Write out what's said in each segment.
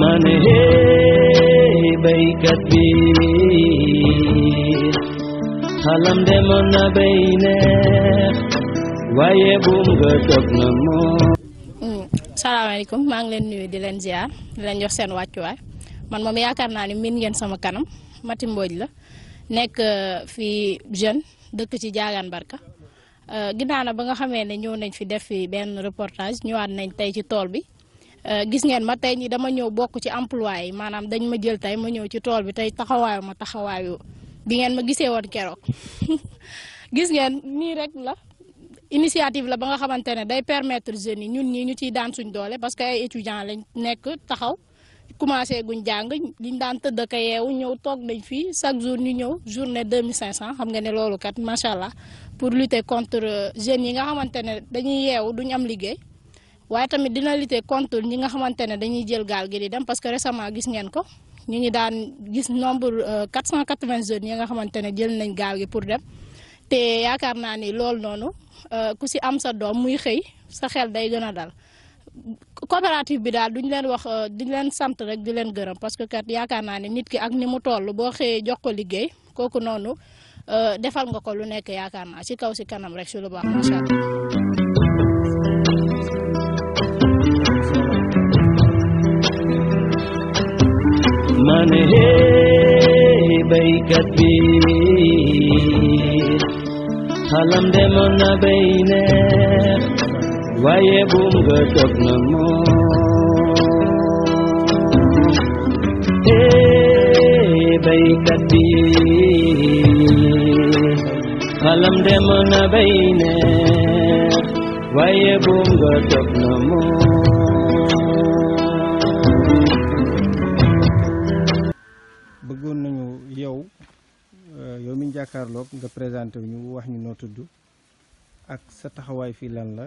ma ne hey béykat bi xalam demoon na béy neex waaye buum nga toog na moom. salaamaaleykum maa ngi leen nuyu di leen ziar di leen jox seen wàccuwaay man moom yaakaar naa ni miin ngeen sama kanam Mati Mbodj la nekk euh, fii jeune. dëkk ci Diagane Barka euh, ginnaaw na ba nga xamee ne ñëw nañ fi def fi benn reportage ñëwaat nañ tey ci tool bi euh, gis ngeen ma tey ñi dama ñëw bokk ci emploi yi maanaam dañ ma jël tey ma ñëw ci tool bi tey taxawaayu ma taxawaayu bi ngeen ma gisee woon keroog gis ngeen nii rek la initiative la ba nga xamante ne day permettre jeunes yi ñun ñii ñu ciy daan suñ doole parce que ay étudiants lañ nekk taxaw commencé guñ jang liñ dan teud ka yeewu ñew tok nañ fi chaque jour ñu ñew journée 2500 xam nga né lolu kat machallah pour lutter contre jeunes yi nga xamantene dañuy yeewu duñ am liggéey waye tamit dina lutter contre ñi nga xamantene dañuy jël gal gi di dem parce que récemment gis ngeen ko ñi ngi daan gis nombre 480 euh, jeunes yi nga xamantene jël nañ gal gi pour dem te yaakar naa ni loolu noonu euh, ku ci am sa doom muy xey sa xel day gëna dal coopérative bi daal duñ leen wax euh, duñ leen sant rek di leen gërëm parce que kat yaakaar naa ne nit ki ak ni mu toll boo xëyee jox ko liggéey kooku noonu euh, defal nga ko lu nekk yaakaar naa si kaw si kanam rek si lu baax macha allah. man hey kat bi xalam demoon na bay waye bum gedog na mo eh bay kati alam dem na ne waye bum gedog na mo bëggoon nañu yow euh, yow mi jàkkaarloog nga présenté wu ñu wax ñu noo tudd ak sa taxawaay fii lan la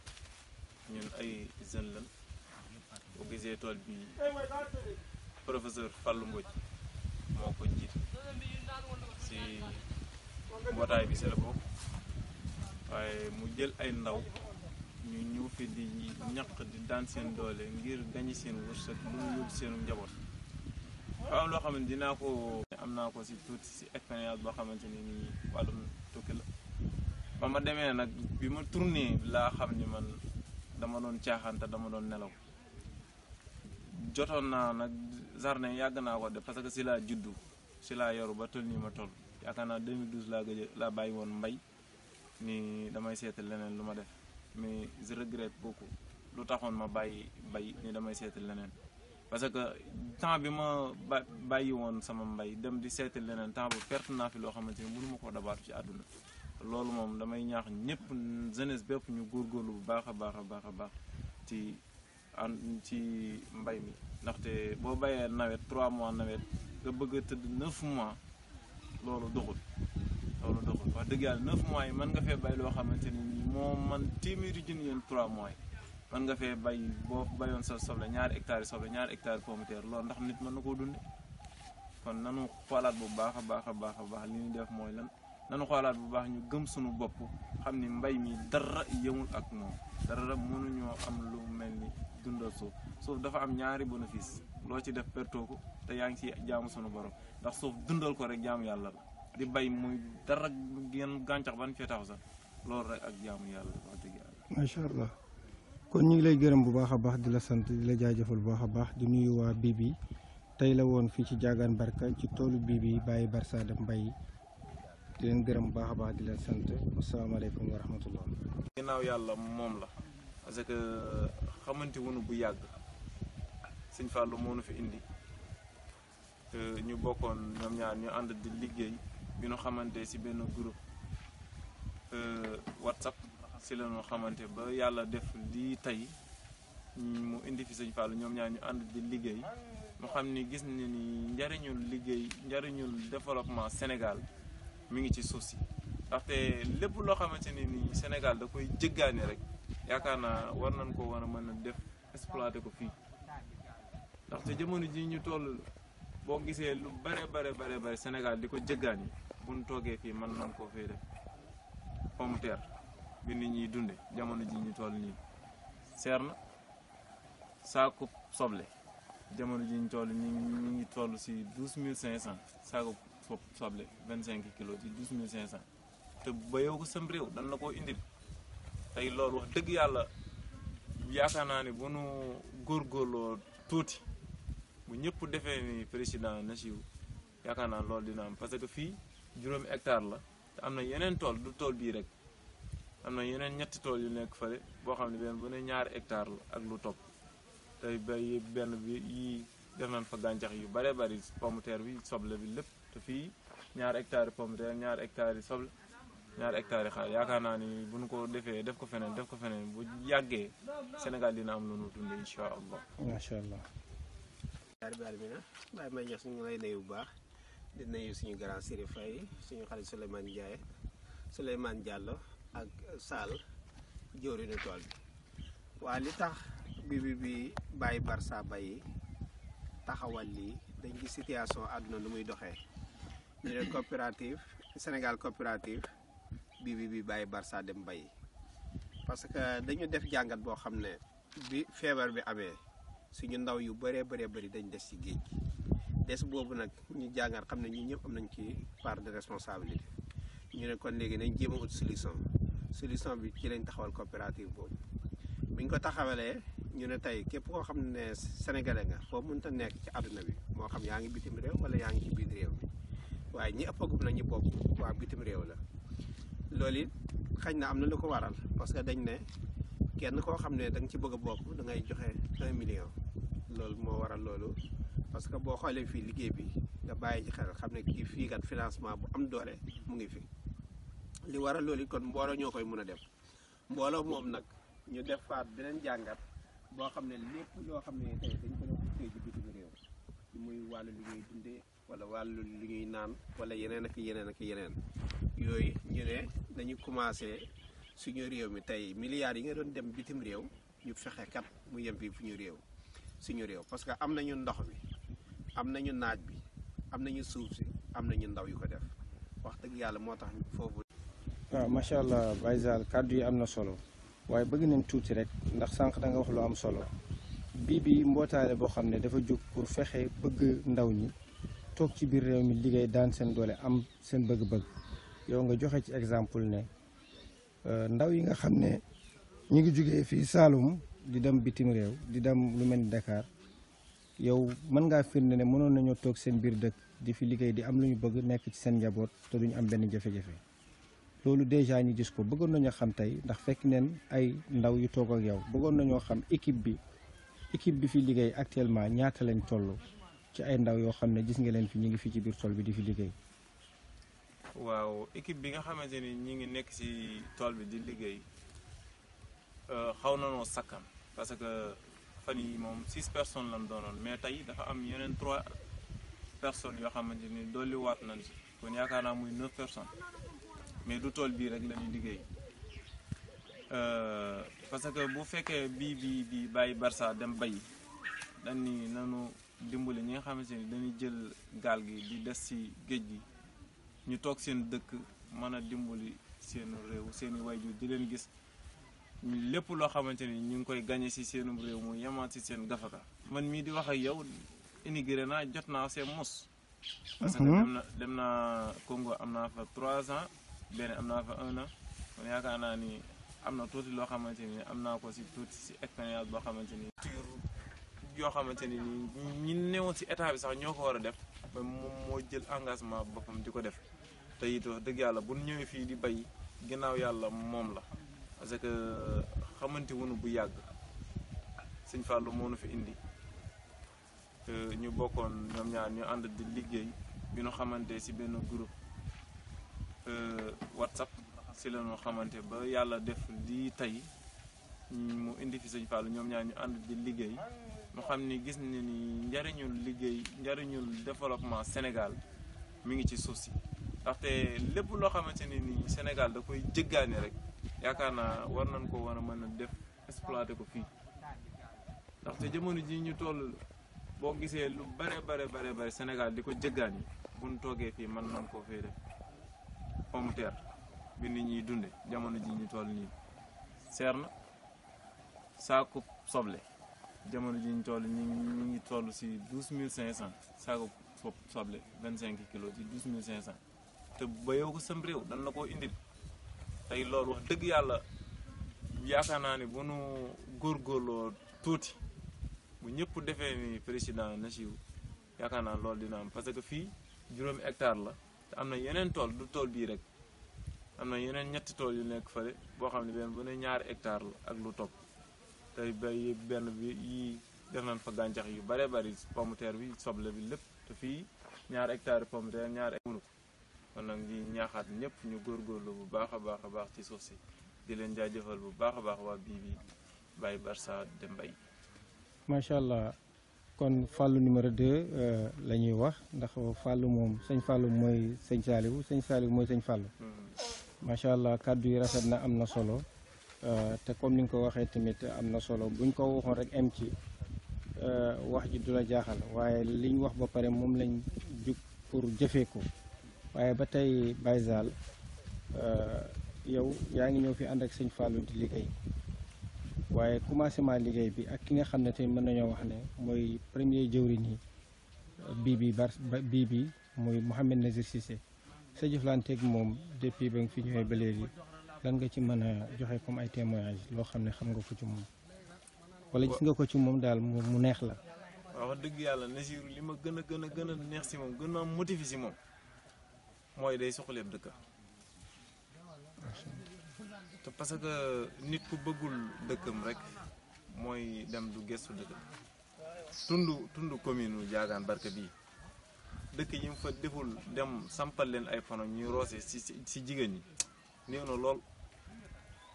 ñun ay jeunes lan boo gisee tool bi professeur Fallou Mbodj moo ko jiit si mbootaay bi si la waaye mu jël ay ndaw ñu ñëw di ñaq di daan seen doole ngir gañi seen wërsëg lu mu yóbbu seenu njaboot waaw loo xamante dinaa ko am naa ko si tuuti si expérience boo xamante ni nii wàllum tukki la ba ma demee nag bi ma tourné laa xam ni man dama doon caaxaan dama doon nelaw jotoon naa nag jardin yàgg naa ko def parce que ci laa juddu si laa yoru ba toll nii ma toll yaakaar naa 2012 laa gëj laa bàyyi woon mbay ni damay seetal leneen lu ma def mais je regrette lu taxoon ma bàyyi bay ni damay seetal leneen parce que temps bi ma bàyyi woon sama mbay dem di seetal leneen temps bu perte naa fi loo xamante ni mënu koo dabaatu ci àdduna loolu moom damay ñaax ñëpp jeunesse bépp ñu góor góorgóorlu bu baax a baax a baax a baax ci an ci mbay mi ndaxte boo bayee nawet trois mois nawet nga bëgg a tëdd neuf mois loolu doxul loolu doxul wax dëgg yàlla neuf mois yi mën nga fee loo xamante ni moo man téeméeri junni yéen trois mois yi mën nga fee bay boo bayoon sa soble ñaari hectares soble ñaari hectares pomme de loolu ndax nit man na koo dunde kon nanu xoolaat bu baax a baax a baax a baax li ñuy def mooy lan nañu xoolaat bu baax ñu gëm suñu bopp xam ni mbay mi dara yëmul ak moom dara mënuñoo am lu mel ni dundal suuf suuf dafa am ñaari bénéfice loo ci def pertoo ko te yaa ngi ci jaamu sunu borom ndax suuf dundal ko rek jaamu yàlla la di bay muy dara ngeen gàncax ban fee taxaw sax loolu rek ak jaamu yàlla wax dëgg yàlla. macha allah kon ñu ngi lay gërëm bu baax a baax di la sant di la jaajëfal bu baax a baax di nuyu waa Bibi tey la woon fii ci Diagane Barka ci toolu Bibi bàyyi Barça dem mbay di leen gërëm baax a baax di leen sant asalaamaaleykum wa rahmatullah ginnaaw yàlla moom la parce que xamante wunu bu yàgg sëñ Fallou moo nu fi indi ñu bokkoon ñoom ñaar ñu ànd di liggéey bi ñu xamante si benn groupe WhatsApp si la xamante ba yàlla def di tey mu indi fi sëñ Fallou ñoom ñaar ñu ànd di liggéey mu xam ni gis ni ni njariñul liggéey njariñul développement Sénégal mi ngi ci suuf si ndaxte lépp loo xamante ni Sénégal da koy jëggaane rek yakarna war nañ ko wara mëna def exploiter ko fii ndaxte jëmono ji ñu toll bo gisé lu bare bare bare bare Sénégal diko ko jëggaani buñ toogee fi man nañ ko fi def pomme terre bi nit ñi dundé jëmono ji ñu toll ni serna na soble jamono ji ñu toll ñi ñi toll si 12500 mille cinq fopp soble vingt cinq kilos ci douze mille cent te bayoo ko sam réew dan na koo indil tey lool wax dëgg yàlla yaakaar naa ne bu nu góorgóorloo tuuti bu ñëpp defee ni président na siiw yaakaar naa loolu dina am parce que fii juróomi hectare la te am na yeneen tool du tool bii rek am na yeneen ñetti tool yu nekk fële boo xam ne benn bu ne la ak lu topp tey bay benn bi yi def nañ fa gàncax yu bare bari pomme de bi soble bi lépp te fi ñaari hectare pomme de ñaari hectare soble ñaar hectare xaar yaakaar naa ni bu ñu ko defee def ko feneen def ko feneen bu yàggee Sénégal dina am lu ñu dund incha allah. macha allah. daal bi nag Baye Mbaye Niass ñu ngi lay nuyu bu baax di nuyu suñu grand Siré Faye suñu xarit Souleymane Ndiaye Souleymane Diallo ak Sall jëwriñu tool bi waa li tax bi bi bi Baye Barça taxawal lii dañ gis situation àdduna lu muy doxee ñu iya, kooperatif, coopérative kooperatif, coopérative bi bi bi bàyyi Barça dem bay parce que dañu def jangat bo xam ne bi feebar bi amee suñu ndaw yu bëree bëree bëri dañ des ci géej des boobu nag ñu jangat xam ne ñu ñëpp am nañ ci part de responsabilité ñu ne kon léegi nañ jéem a ut solution solution bi ci lañ taxawal coopérative boobu biñ ko taxawalee ñu ne tey képp koo xam ne sénégalais nga foo mënta nekk ci àdduna bi mo xam yaa bitim réew wala ci waaye ñi ëppagum na ñu bokk waa bitim réew la loolu it xañ na am na lu ko waral parce que dañ ne kenn koo xam ne da nga ci bëgg a bokk da ngay joxe un million loolu moo waral loolu parce que boo xoolee fii liggéey bi nga bàyyi ci xel xam ne kii fii kat financement bu am doole mu ngi fi li waral loolu it kon mbooloo ñoo koy mën a dem mbooloo moom nag ñu def faat beneen jàngat boo xam ne lépp loo xam ne dañ ko def ci bitim réew muy wàllu liggéey wala wàll lu ñuy naan wala yeneen ak yeneen ak yeneen yooyu ñu ne dañu commencé suñu réew mi tey milliards yi nga doon dem bitim réew ñu fexe kat mu yem fii fu ñu réew suñu réew parce que am nañu ndox bi am nañu naaj bi am nañu suuf si am nañu ndaw yu ko def wax dëgg yàlla moo tax foofu. waaw macha allah Baye kàddu yi am na solo waaye bëgg nañ tuuti rek ndax sànq da nga wax lu am solo bii bi mbootaale boo xam ne dafa jóg pour fexe bëgg ndaw ñi. toog ci biir réew mi liggéey daan seen doole am seen bëgg-bëgg yow nga joxe ci exemple ne euh, ndaw yi nga xam ne ñu ngi jugee fii Saalum di dem bitim réew di dem lu mel ni Dakar yow mën ngaa firnde ne mënoon nañoo toog seen biir dëkk di fi liggéey di am lu ñu bëgg nekk ci seen njaboot te ñu am benn jafe-jafe loolu déjà ñu gis ko bëggoon nañoo xam tey ndax fekk neen ay ndaw yu toog ak yow bëggoon nañoo xam équipe bi équipe bi fi liggéey actuellement ñaata lañ toll. ci ay ndaw yoo xam ne gis nga leen fi ñu ngi fii ci biir tool bi di fi liggéey. waaw équipe bi nga xamante ni ñu ngi nekk ci tool bi di liggéey euh, xaw na noo sakkan parce que fan yi moom six personnes lañ doonoon mais tey dafa am yeneen trois personnes yoo xamante ni dolliwaat nañ ci kon yaakaar naa muy neuf personnes mais du tool bii rek la liggéey euh, parce que bu fekkee bii bii bii bàyyi Barça dem bayi dañ ni nanu dimbali ñi nga xamante ni dañuy jël gaal gi di des ci géej gi ñu toog seen dëkk mën a dimbali seen réew seen i wayjur di leen gis lépp loo xamante ni ñu ngi koy gagné ci seen réew mu yemaat ci seen gafaka man mii di wax ak yow inigré naa jot naa seen mos parce que mhm. dem na dem naa Congo am naa fa trois ans benn am naa fa un an man yaakaar naa ni am na tuuti loo xamante ni am naa ko ci tuuti ci expérience boo xamante ni yoo xamante ni nii ñi newoon si état sax ñoo ko war a def moom moo jël engagement boppam di ko def te dëgg yàlla bu ñëwee fii di bay ginnaaw yàlla moom la parce que xamante bu yàgg sëñ Fallou moo nu fi indi ñu bokkoon ñoom ñaar ñu ànd di liggéey bi ñu xamante si benn groupe euh, WhatsApp si la ñu xamante ba yàlla def di tey mu indi fi sëñ Fallou ñoom ñaar ñu ànd di liggéey ñu xam ni gis ni ni njariñul liggéey njariñul développement Sénégal mu ngi ci suuf si ndaxte lépp loo xamante ni ni Sénégal da koy jëggaani rek yaakaar naa war nañ ko war a mën a def exploité ko fii ndaxte jamono ji ñu toll boo gisee lu bare bare bare bare Sénégal di ko jëggaan yi buñ toogee fii mën nañ koo fee def pomme bi nit ñuy dunde jamono ji ñu tool nii seer na saaku soble jamono ji ñu toll ñi ngi ngi toll si 12500 mille cinq fop soble 25 kilo ci 12500 te ba yow ko sam rew dan la ko indil tay lool wax deug yalla yaakaar naa bu nu gor golo tuuti bu ñepp defé ni président Nassirou yaakaar naa lool dina am parce que fi juroom hectare la te am na yeneen tool du tool bi rek amna na yeneen ñetti tool yu nekk fa boo xam ne benn bu ne ñaar hectare la ak lu top tey bay benn bi yi def nañ fa gàncax yu bare bari pomme bi soble bi lépp te fii ñaar hectare pomme de terre ñaar mënu ko kon nag di ñaaxaat ñëpp ñu góor góorlu bu baax a baax a baax ci suuf si di leen jaajëfal bu baax a baax waa bii bi Baye Barsa de Mbaye macha allah kon fàllu numéro 2 euh, la ñuy wax ndax fàll moom sëñ fàllu mooy sëñ saaliwu sëñ saaliwu mooy sëñ fàllu mm-hmm. macha allah kàddu yi rafet na am na solo Euh, te comme ni nga ko waxee tamit am na solo buñ ko waxoon rek am ci euh, wax ji du la jaaxal waaye liñ wax ba pare moom lañ jug pour jëfee ko waaye ba tey Baye Zal euh, yow yaa ngi ñëw fi ànd ak sëñ Fallou di liggéey waaye commencement liggéey bi ak ki nga xam ne tey mën nañoo wax ne mooy premier jëwriñ yi bii bi bar bii bi muy Mouhamed Nazir Cissé sa jëflanteeg moom depuis ba nga fi ñëwee ba léegi lan nga ci mën a joxe comme ay témoignage loo xam ne xam nga ko ci moom wala gis nga ko ci moom daal mu neex la waaw wax dëgg yàlla Nasirou li ma gën a gën a gën a neex si moom gën a motivé si moom mooy day suqaleeb dëkk te parce que nit ku bëggul dëkkam rek mooy dem du gëstu dëkk tund tund commune u Diagane Barka bii dëkk yi mu fa deful dem sampal leen ay pano ñuy roose si si jigéen ñi néew na lool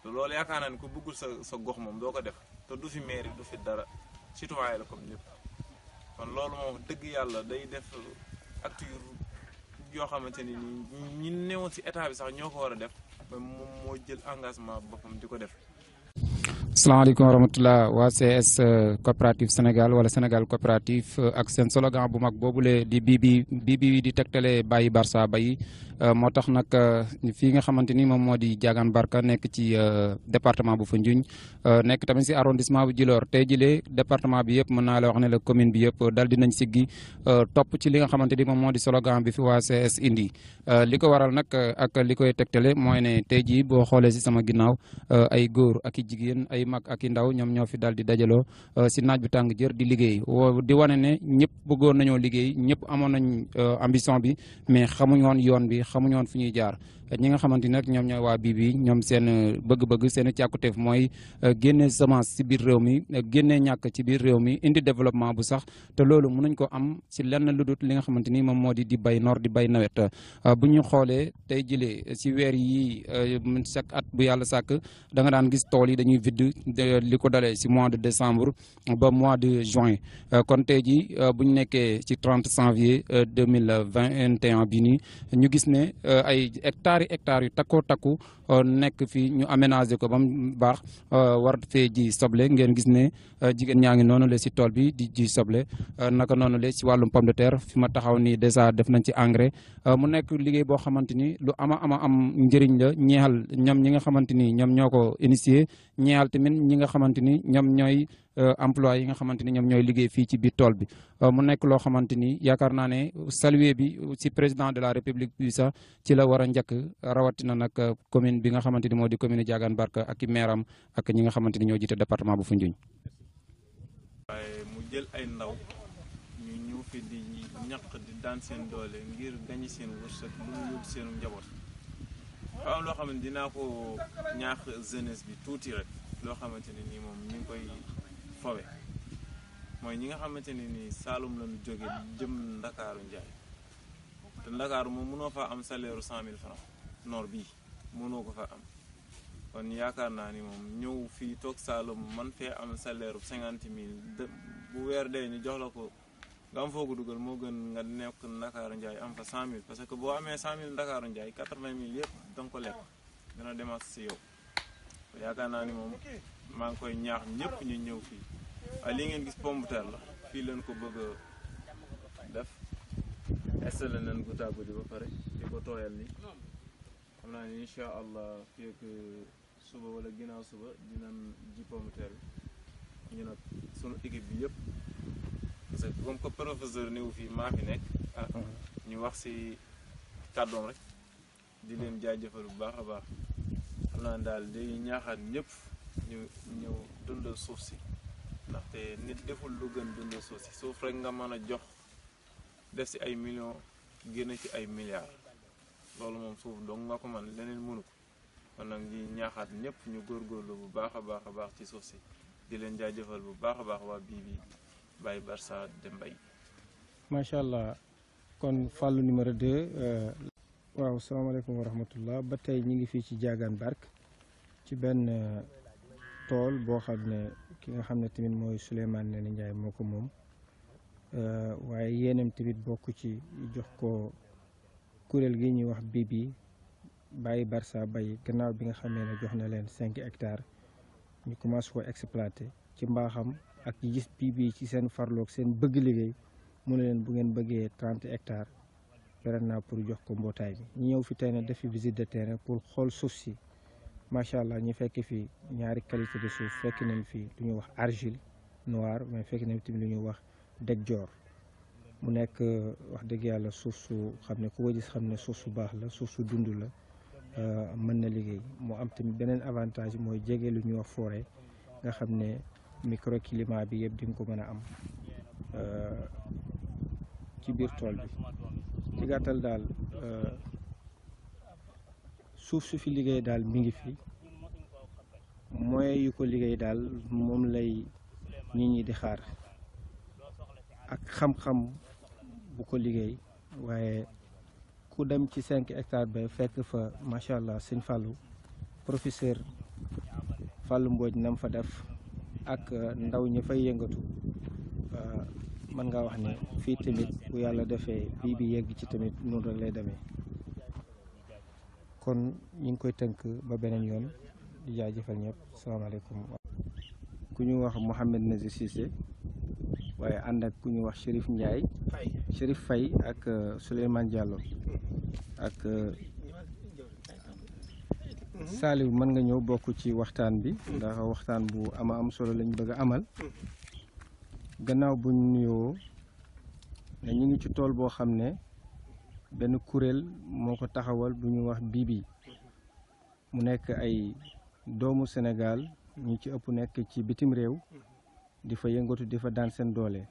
lool loolu yaakaar naan ko ku sa sa gox moom doo ko def te du fi mairie du fi dara citoyen la comme ñëpp kon moom dëgg yàlla day def acte yoo xamante ni ñi newoon ci état bi sax ñoo ko war a def moom moo jël engagement boppam di ko def. asalaamaaleykum wa rahmatulah waa CS euh, coopérative Sénégal wala Sénégal coopérative euh, ak seen slogan bu mag boobule di bii bii di tegtale bàyyi barsa bàyyi. Eh, motax nak nag eh, fii nga xamanteni mom modi jagan di Barka nek ci eh, département bu Foundiougne nek tamit si arrondissement bu jilor tay jilé département bi yépp mëna la wax né la commune bi yépp dal dinañ siggi top ci li nga xamanteni mom modi slogan bi fi wa CS indi liko waral nak ak li tektalé moy né tay ji bo xolé ci sama ginnaw ay goor ak i ay mak ak ndaw ñom ñoo fi dal di dajalo ci naaj bu tang jër di liggéey di wane né ñepp bëggoon nañu liggéey ñepp amon nañ ambition bi mais won yoon bi xamuñu woon fu ñuy jaar ñi nga xamanteni nak ñom ñoy wa Bibi ñom seen euh, bëgg-bëgg seen ciakutef moy euh, génné semence ci biir réew mi euh, génne ñàkk ci biir réew mi indi développement bu sax té loolu mënuñ ko am ci lenn lu dut li nga xamanteni mom modi di bay nord di bay nawet bu ñu xoolee tey jëlee ci weer yi sak at bu yalla sak da nga daan gis tool yi dañuy vidde liko dalé ci mois de décembre ba mois de juin kon tay ji bu ñu nekkee ci 30 janvier 2021 bi nii ñu gis né ay hectare ñaari hectares yu takkoo takku euh, nekk fii ñu aménagé ko ba mu baax euh, war fee ji soble ngeen gis ne euh, jigéen ñaa ngi noonu le si tool bi di ji soble naka noonu le si wàllum pomme de terre fi ma taxaw nii déjà def nañ ci engrais mu nekk liggéey boo xamante ni lu ama ama am njëriñ la ñeexal ñoom ñi nga xamante ni ñoom ñoo ko initié ñeexal tamit ñi nga ñoom ñooy Euh, emploi yi nga xamanteni ñom ñoy liggéey fi ci bi tool bi euh, mu nekk lo xamanteni yaakar na né saluer bi ci président de la république bi sa ci la wara ñëk rawati na nak euh, commune bi nga xamanteni ni di commune jagan Barka ak i maire ak ñi nga xamanteni ñoo jité département bu Foundiougne. ay mu jël ay ndaw ñu ñu fi di ñak di dan seen doole ngir gañ seen wërsëg lu ñu yóbbu seenu njabot waaw lo xamanteni dina ko ñaax jeunesse bi tuuti rek lo xamanteni ni mom ñu koy fawé moy ñi nga xamanteni ni salum lañu joggé jëm ndakaaru njaay té ndakaaru mo mëno fa am salaire 100000 francs nord bi mëno ko fa am kon yaakar na ni mom ñew fi tok salum man fee am salaire 50000 bu wër dé ñu jox la ko gam fogu duggal mo gën nga nekk ndakaaru njaay am fa 100000 parce que bo amé 100000 mille ndakaaru njaay quatre vingt mille ko lekk dina demaat ci yow yaakar na ni moom maa ngi koy ñaax ñëpp ñu ñëw fii waaye ah, li ngeen gis pomme la fii leen ko bëgg a def installé nañ ko tàggu ji ba pare di ko tooyal ni xam naa ni incha allah fii ak uh, suba wala ginnaaw suba dinañ ji pomme bi ñu nag sunu équipe bi yëpp parce que comme que professeur néew fii maa fi nekk ah ñu wax si kàddoom rek di leen jaajëfal bu baax a baax xam naa daal di ñaaxaat ñëpp ñu ñëw dundal suuf si ndaxte nit deful lu gën dundal suuf si suuf rekk nga mën a jox def si ay millions génn ci ay milliards loolu moom suuf dong nga ko man leneen mënu ko kon nag ñi ñaaxaat ñëpp ñu góor góorlu bu baax a baax a baax ci suuf si di leen jaajëfal bu baax a baax waa bii bi Baye Barça Demba Mbaye macha allah kon fàllu numéro 2. Euh, waaw salaamaaleykum wa rahmatullah ba tey ñu ngi fi ci Diagane Barke ci benn. tool boo xam ne ki nga xam ne tamit mooy Souleymane Ndéné Ndiaye moo ko moom euh, waaye yéenam tamit bokk ci jox ko kuréel gi ñuy wax bii bi bàyyi Barça bay gannaaw bi nga xamee ne jox na leen cinq hectare ñu commencé ko exploiter ci mbaaxam ak gis bii bi ci seen farloog seen bëgg liggéey mu ne leen bu ngeen bëggee trente hectare pare naa pour jox ko mbootaay bi ñu ñëw fi tey ne defi visite de terrain pour xool suuf si macha allah ñu fekk fii ñaari qualité de suuf fekk nañ fii lu ñuy wax argile noire mais fekk nañ tamit lu ñuy wax deg joor mu nekk wax dëgg yàlla suuf su xam ne ku ko gis xam ne suuf su baax la suuf su dund la mën na liggéey moo am tamit beneen avantage mooy jege lu ñuy wax forêt nga xam ne microclimat bi yëpp di nga ko mën a am ci biir tool bi ci gàttal daal suuf su fi liggéey daal mi ngi fi moyens yu ko liggéey daal moom lay nit ñi di xaar ak xam-xam bu ko liggéey waaye ku dem ci cinq hectares ba fekk fa macha allah sëñ fàllu professeur Fallou Mbodj nam fa def ak uh, ndaw ñi fay yëngatu uh, mën nga wax ne fii tamit bu yàlla defee bii bi yegg ci tamit noonu rek lay demee kon ñu ngi koy tënk ba beneen yoon di jaajëfal ñëpp salaamaaleykum ku ñu wax Mouhamed Nazir Cissé waaye ànd ak ku ñu wax Chérif Ndiaye Chérif Faye ak euh, Souleymane Diallo ak euh, Saliou mën nga ñëw bokk ci waxtaan bi ndax waxtaan bu ama am solo lañ bëgg amal mm-hmm. gannaaw buñ nuyoo ñu ngi ci tool boo xam ne benn kuréel moo ko taxawal bu ñu wax bibi mu nekk ay doomu Sénégal ñu ci ëpp nekk ci bitim réew di fa yëngatu di fa daan seen doole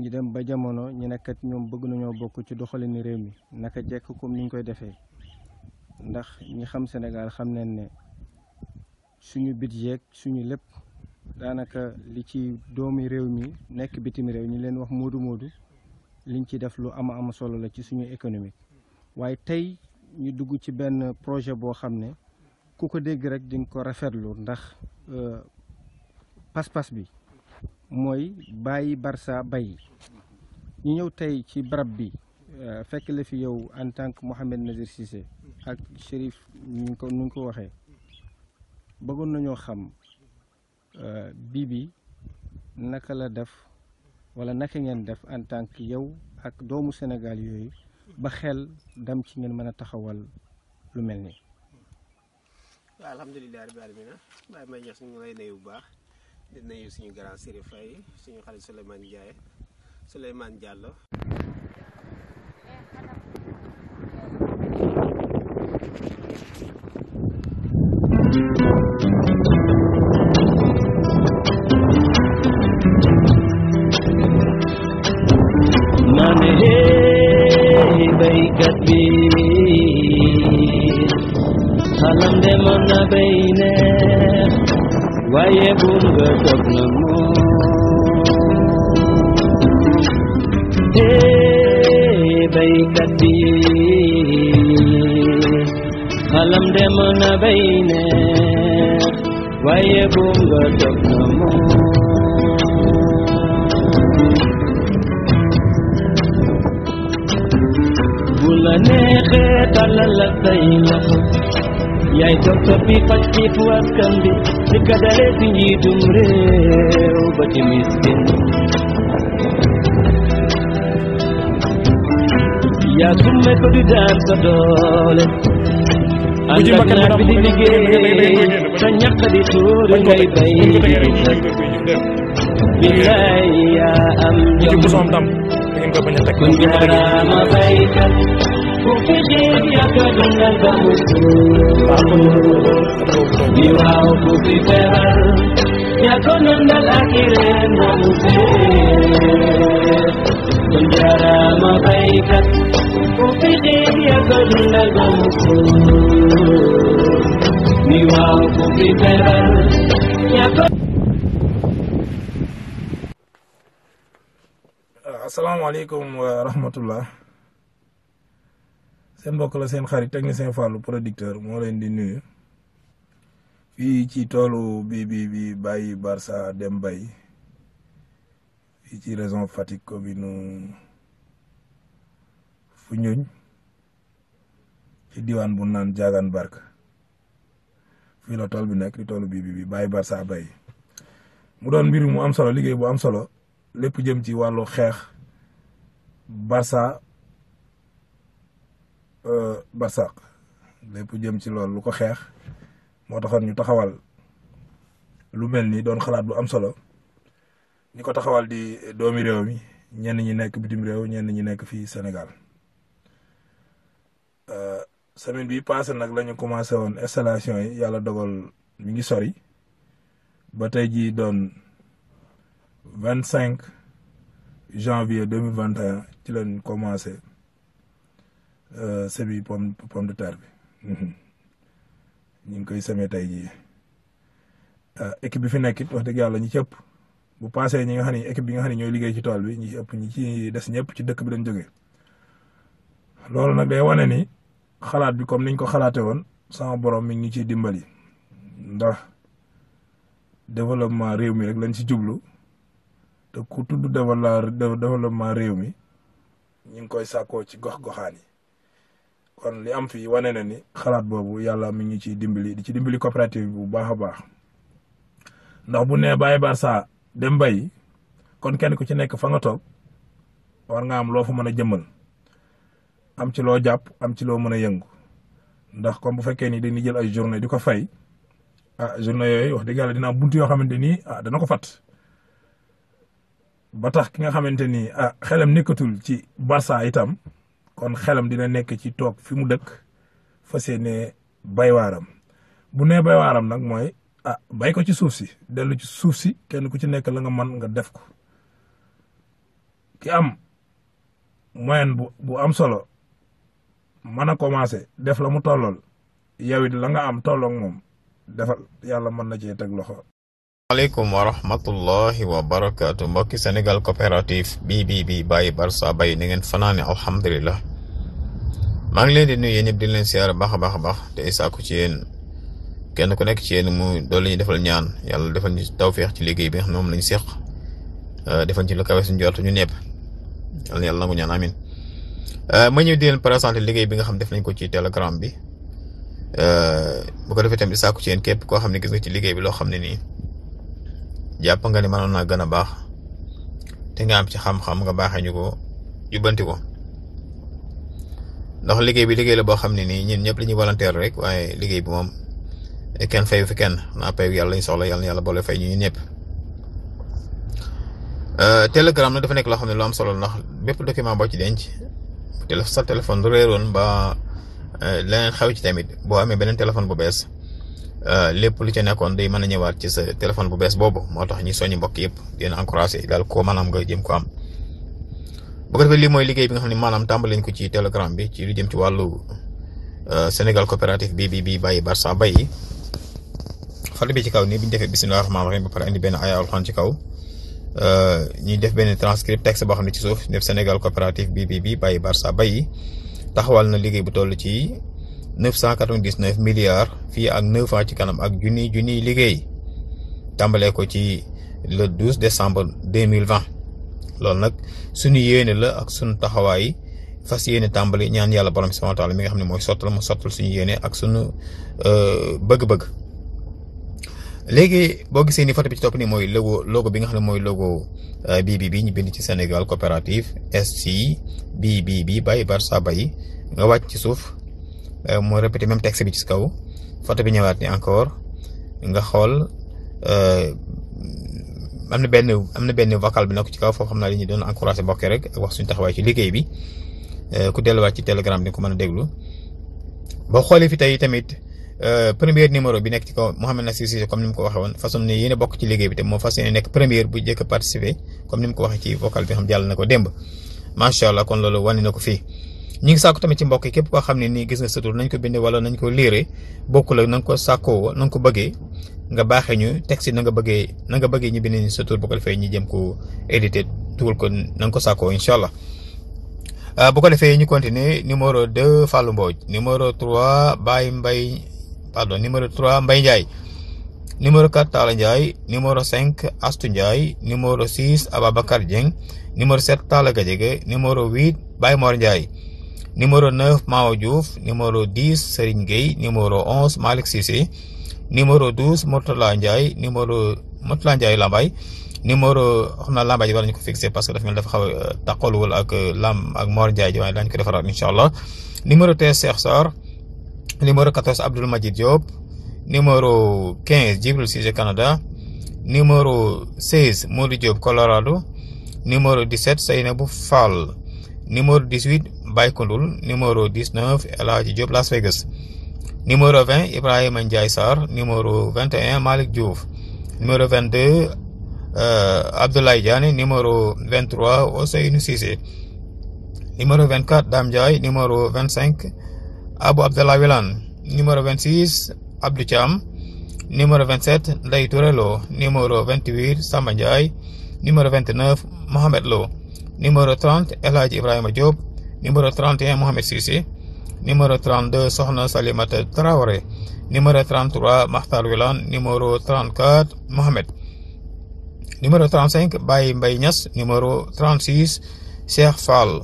ñu dem ba jamono ñu nekkat ñoom bëgg nañoo bokk ci doxalinu réew mi naka jekk comme ni ñu koy defee ndax ñi xam Sénégal xam nañ ne suñu bit yeeg suñu lépp daanaka li ci doomi réew mi nekk bitim réew ñu leen wax moodu moodu liñ ci def lu ama am solo la ci suñu économie waaye tey ñu dugg ci benn projet boo xam ne ku ko dégg rek di nga ko rafetlu ndax euh, pas-pas bi mooy bàyyi Barça bay ñu ñëw tey ci barab bi euh, fekk la fi yow en tant que Mouhamed Nazir Cissé ak Chérif ñu ko nu ko waxee bëggoon nañoo xam bii euh, bi naka la def wala naka ngeen def en tant yow ak doomu Sénégal yooyu ba xel dem ci ngeen mën a taxawal lu mel nii. waaw alhamdulilah rabbil aalamiina Baye Mbaye Niass ñu ngi lay nuyu bu baax di nuyu suñu grand Serigne Faye suñu xarit Souleymane Ndiaye Souleymane Diallo. bun ve tot namo he bay kati alam de mana bayne vaye bun ve tot namo bulane khe talal tayla Jeg tok tapi pasti på di Ikke der er sin dumre Oba til misken Jeg kommer på du der så nak bili bige Tanya kadi tur ngay bay am jom ukijivya kadunga Assalamu alaikum wa rahmatullah. seen mbokk la seen xarit technicien Fallou producteur moo leen di nuyu fii ci toolu bii bi bi bàyyi Barça dem bay fii ci région Fatick fu Foundiougne ci diwaan bu naan Diagane Barka fii la tool bi nekk di toolu bi bi bi bàyyi bay mu doon mbir mu am solo liggéey bu am solo lépp jëm ci wàllu xeex Barça barsaq lépp jëm ci lool lu ko xeex moo taxoon ñu taxawal lu mel ni doon xalaat lu am solo ñi ko taxawal di doomi réew mi ñenn ñi nekk bitim réew ñenn ñi nekk fii Sénégal euh, semaine bi passé nag lañu ñu commencé woon installation yi yàlla dogal mi ngi sori ba tey ji doon vingt cinq janvier deux mille vingt ci lañ commencé. Eh, sebi pom pom de terre bi mhm. ñu ngi koy semé tey jii eh, équipe bi fi nekk it wax dëgg yàlla ñi ci ëpp bu passé ñi nga xam ne équipe bi nga xam ne ñooy liggéey ci tool bi ñi ci ëpp ñi ci des ñëpp ci dëkk bi dañ jógee loolu nag day wane ni xalaat bi comme niñ ko xalaate won sama borom mi ngi ci dimbali ndax développement réew mi rek lañ ci jublu te ku tuddu développement réew mi ñu ngi koy sàkkoo ci gox goxaan yi kon li am fii wane na ni xalaat boobu yàlla mi ngi ci dimbali di ci dimbali coopérative bu bahaba. a baax ndax bu nee bàyyi Barça dem bay kon kenn ku ci nekk fa nga toog war nga am loo fa a jëmmal am ci loo jàpp am ci loo mën a yëngu ndax bu ni dañuy jël ay journée di fay ah journée yooyu wax dëgg yàlla dina am bunt yoo ah dana ko fat ba tax ki nga xamante ni ah xelam nekkatul ci itam kon xelam dina nekk ci toog fi mu dëkk fas bayuaram, bay waaram bu nee bay waaram nag ah bay ko ci suuf si delu ci suuf si kenn ku ci nekk la nga man nga def ko ki am moyen bu bu am solo mana a commencé def la mu tollool yawit la nga am tolloog mom defal yalla man na ci tek loxo aleykum wa rahmatullahi wa barakatu mbokki senegal cooperative bbb bii barsa bay ni ngeen alhamdulillah mang leen di nuyu yéen ñëpp di leen siyaar baax a baax a baax te sàkku ci yéen kenn ku nekk ci yéen mu doole ñu defal ñaan yàlla defal ñu tawféex ci liggéey bi nga xam moom lañu seq eh, defal ci lu kawe suñu jot ñu nepp yàlla yàlla nangu ñaan amin eh, ma ñëw di leen présenté liggéey bi nga xam def nañ ko ci telegram bi eh, bu ko defee tamit sàkku ci yéen képp koo xam ne gis nga ci liggéey bi loo xam ne nii jàpp nga ni mënoon naa gën a baax te nga am ci xam-xam nga baaxee ñu ko jubbanti ko ndax liggéey bi liggéey la boo xam ne nii ñun ñëpp li ñuy volontaire rek waaye liggéey bi moom kenn fay fi kenn naa payu yàlla lañ soxla yàlla na yàlla boole fay ñu ñëpp euh, telegram nag dafa nekk loo xam ne lu am solo ndax bépp document boo ci denc téléphone sa téléphone réeroon ba euh, leneen xew ci tamit boo amee beneen téléphone bu bees euh, lépp lu ci nekkoon day mën a ñëwaat ci sa téléphone bu bees boobu moo tax ñu soññi mbokk yëpp dina encouragé daal ko maanaam nga jëm ko am boo ko defee lii mooy liggéey bi nga xam ne maanaam tàmbali nañ ko ci telegram bi ci lu jëm ci wàllu euh, Sénégal coopérative bii bii bii bàyyi Barça bàyyi xale bi ci kaw ni bi ñu defee bisimilah rahmaan rahim ba pare indi benn aaya alxuraan ci kaw euh, ñu def benn transcript texte boo xam ne ci suuf Sénégal coopérative bii bi bii bàyyi Barça bàyyi taxawal na liggéey bu toll ci neuf cent quatre milliards fii ak neuf ci kanam ak junni junniy liggéey tàmbalee ko ci le douze décembre deux mille vingt loolu nag suñu yéene la ak suñu taxawaay fas yéene tàmbali ñaan yàlla borom subhaanahu wa taala mi nga xam ne mooy sottal mu sottal suñu yéene ak suñu euh, bëgg-bëgg léegi boo gisee ni photo bi ci topp nii mooy logo logo bi nga xam ne mooy logo bi euh, bi ñu bind ci Sénégal coopérative SC BBB Baye Barça bay nga wàcc ci suuf euh, moo répété même texte bi ci kaw photo bi ñëwaat ni encore nga xool am na benn am na benn vocal bi nekk ci kaw foofu xam naa dañuy doon encouragé mbokk rek ak wax suñu taxawaay ci liggéey bi euh, ku delluwaat ci telegram di ko mën a déglu. boo xoolee fi tey tamit euh, premier numéro bi nekk ci ko waxee façon ne yéen a bokk ci liggéey bi te moo fas yéene nekk première bu njëkk a participer comme ni mu ko waxee ci vocal bi xam jàll na ko démb macha allah kon loolu wane na ko fii. ñi ngi sàkku tamit ci mbokk yi képp koo xam ne nii gis nga sa nañ ko bindee wala nañ ko liire bokkul ak nanga ko sàkkoo na nga ko bëggee nga baaxee ñu teg si na nga bëggee na nga bëggee ñu bindee ni sa tur bu ko defee ñu jëm ko édité dugal ko na nga ko sàkkoo incha allah. Ah, bu ko defee ñu continuer numéro 2 Fallou Mbodj numéro 3 Baye mbay pardon numéro 3 Mbaye Ndiaye numéro 4 Talla Ndiaye numéro 5 Astou Ndiaye numéro 6 Ababacar Dieng numéro 7 Talla Gadiaga numéro 8 Baye Mor Ndiaye. numéro 9 Mao Diouf numéro 10 Serigne Gueye numéro 11 Malick Cissé numéro 12 Mourtala Ndiaye lambay Mourtala numéro xam naa Lambaye ji war ko fixé parce que dafa mel dafa xaw a euh, taqaluwul ak euh, Lam ak Mor Ndiaye ji waaye daañu ko defaraat incha allah numéro 13 Cheikh Sarr numéro 14 Abdoul Majid Diop numéro 15 Djibril Cissé Canada numéro 16 Modou Diop Colorado numéro 17 Seynabou Fall numéro 18 Baykundul numéro 19 El Hadji Diop Las Vegas numéro 20 Ibrahima Ndiaye Sarr numéro 21 Malick Diouf numéro 22 euh, Abdoulaye Diané numéro 23 Ousseynou Cissé numéro 24 Dame Ndiaye numéro 25 Abou Abdallah Wilane numéro 26 Abdou Thiam numéro 27 Ndeye Touré Lo numéro 28 Samba Ndiaye numéro 29 Mohamed Lo numéro 30 El Hadji Ibrahima Diop numéro 31 Mohamed si numéro 32 Soxna Salimata Traoré numéro 33 Makhtar Wilane numéro 34 Mohamed numéro 35 bàyyi mbay ñas numéro 36 Cheikh Fall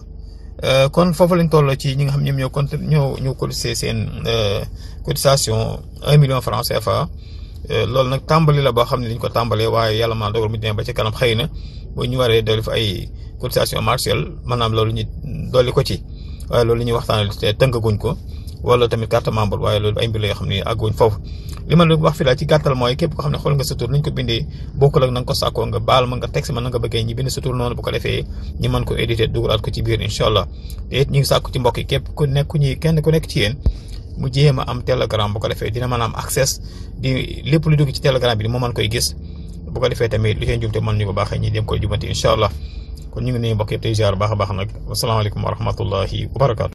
euh, kon foofu lañ toll ci ñi nga xam ñoom ñoo cont ñoo ñoo cotisé seen euh, cotisation un million franc CFA euh, loolu nag tàmbali la boo xam ne dañ ko tàmbalee waaye yàlla maa dogal mu ba ci kanam xëy na boo ñu waree dolli fa ay cotisation martiale maanaam loolu ñu dolli ko ci waaye loolu ñuy waxtaanal te tënkaguñ ko wala tamit carte membre waaye loolu ay mbir la yoo xam ne àgguñ foofu li ma la wax fi daal ci gàttal mooy képp ko xam ne xool nga sa tur ko bindee bokkul ak na ko sàkkoo nga baal ma nga teg ma na bëggee ñi bind sa bu ko defee ñi mën ko éditer dugalaat ko ci biir incha te it ñu ci mbokk képp ku nekk ñi kenn ku nekk ci yéen mu jéem am telegram bu ko defee tamit lu seen jumte mën ñu ko baaxee ñi dem ko jubanti incha allah kon ñu ngi nuyu mbokk yëpp tey ziar baax a baax nag wasalaamaaleykum wa rahmatullahi wa barakaatu